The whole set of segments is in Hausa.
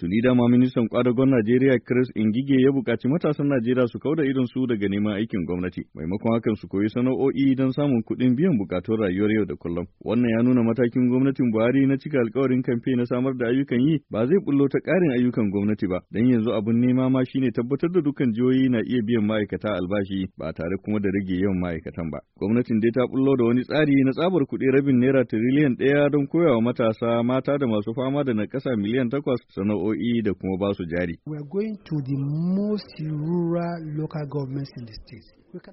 Tuni dama ministan kwadagon Najeriya Chris Ingige ya buƙaci matasan Najeriya su kauda irin su daga neman aikin gwamnati, maimakon hakan su koyi sana'o'i don samun kuɗin biyan bukatun rayuwar yau da kullum. Wannan ya nuna matakin gwamnatin Buhari na cika alkawarin kamfe na samar da ayyukan yi ba zai bullo ta ƙarin ayyukan gwamnati ba, don yanzu abun nema ma shine tabbatar da dukkan jihohi na iya biyan ma'aikata albashi ba tare kuma da rage yawan ma'aikatan ba. Gwamnatin dai ta bullo da wani tsari na tsabar kuɗi rabin naira tiriliyan ɗaya don koyawa matasa mata da masu fama da nakasa miliyan takwas sana'o'i jami'o'i da kuma ba su jari.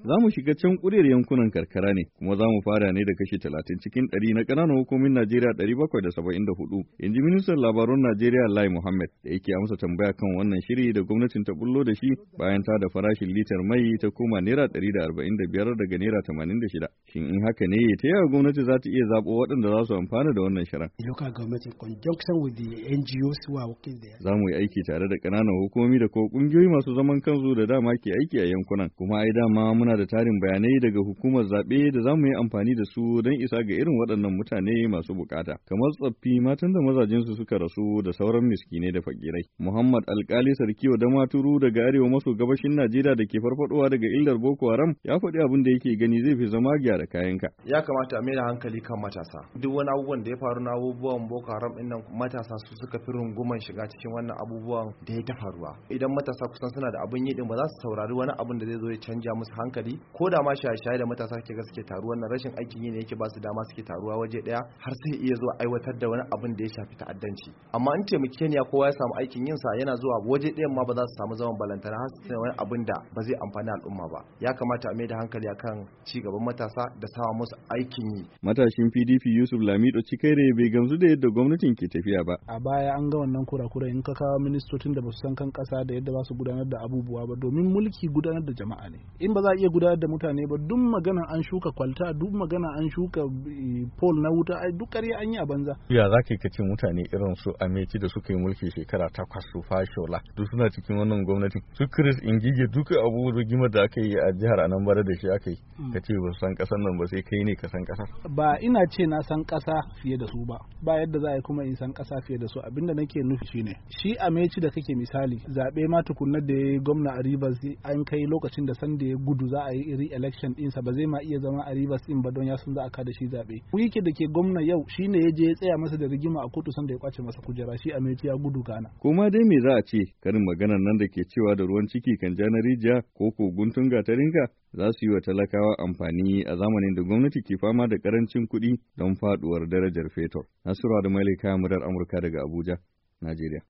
Za mu shiga can ƙuryar yankunan karkara ne, kuma za mu fara ne da kashi talatin cikin ɗari na ƙananan hukumin Najeriya ɗari bakwai da saba'in da hudu, in ji ministan labarun Najeriya Lai Muhammad da yake amsa tambaya kan wannan shiri da gwamnatin ta bullo da shi bayan ta da farashin litar mai ta koma naira ɗari da arba'in da biyar daga naira tamanin da shida. Shin in haka ne ta yawa gwamnati za ta iya zaɓo waɗanda za su amfana da wannan shirin. Local government in conjunction with the NGOs who are working Za mu yi aiki tare da ƙananan hukumomi da ko ƙungiyoyi masu zaman kansu da dama ke aiki a yankunan. Kuma ai dama muna da tarin bayanai daga hukumar zaɓe da za mu yi amfani da su don isa ga irin waɗannan mutane masu bukata. Kamar tsaffi matan da su suka rasu da sauran miskinai da fakirai. Muhammad Alkali Sarkiyo da Maturu daga arewa maso gabashin Najeriya da ke farfaɗowa daga illar Boko Haram ya faɗi abin da yake gani zai fi zama gyara kayanka. Ya kamata a maida hankali kan matasa. Duk wani abubuwan da ya faru na abubuwan Boko Haram ɗin matasa su suka fi runguman shiga cikin wannan abubuwan da ya ta faruwa idan matasa kusan suna da abun yi din ba za su saurari wani abin da zai zo ya canja musu hankali ko da ma shaye-shaye da matasa ke ga suke taruwa wannan rashin aikin yi ne yake ba su dama suke taruwa waje daya har sai iya zuwa aiwatar da wani abun da ya shafi ta'addanci amma in taimakeniya kowa ya samu aikin yin sa yana zuwa waje ɗayan ma ba za su samu zaman balantana har sai wani abin da ba zai amfani al'umma ba ya kamata a mai da hankali akan ci gaban matasa da sawa musu aikin yi matashin PDP Yusuf Lamido Cikaire bai gamsu da yadda gwamnatin ke tafiya ba a baya an ga wannan kura in ka kawo ministocin da ba su san kan kasa da yadda ba su gudanar da abubuwa ba domin mulki gudanar da jama'a ne in ba za a iya gudanar da mutane ba duk magana an shuka kwalta duk magana an shuka eh, pol na wuta ai duk ƙarya an yi a banza ya za ka ce mutane irin su ameci da suka yi mulki shekara takwas su fashola duk suna cikin wannan gwamnatin su in gige duka abu gima da aka yi a jihar anambra da shi aka yi hmm. ka ce ba san kasan nan ba sai kai ne ka san kasa ba ina ce na san kasa fiye da su ba ba yadda za a yi kuma in san kasa fiye da su abinda nake nufi ne shi a meci da kake misali zaɓe ma tukunna da ya yi gwamna a rivers an kai lokacin da sanda ya gudu za a yi iri election ɗinsa ba zai ma iya zama a rivers ɗin ba don ya sun za a kada shi zaɓe wike da ke gwamna yau shi ne ya je ya tsaya masa da rigima a kotu sanda ya kwace masa kujera shi a meci ya gudu kana. kuma dai me za a ce karin maganar nan da ke cewa da ruwan ciki kan ja na rijiya ko ko guntun gatarinka za su yi wa talakawa amfani a zamanin da gwamnati ke fama da karancin kuɗi don faɗuwar darajar fetur. Nasiru da Malika Murar Amurka daga Abuja. Najeriya.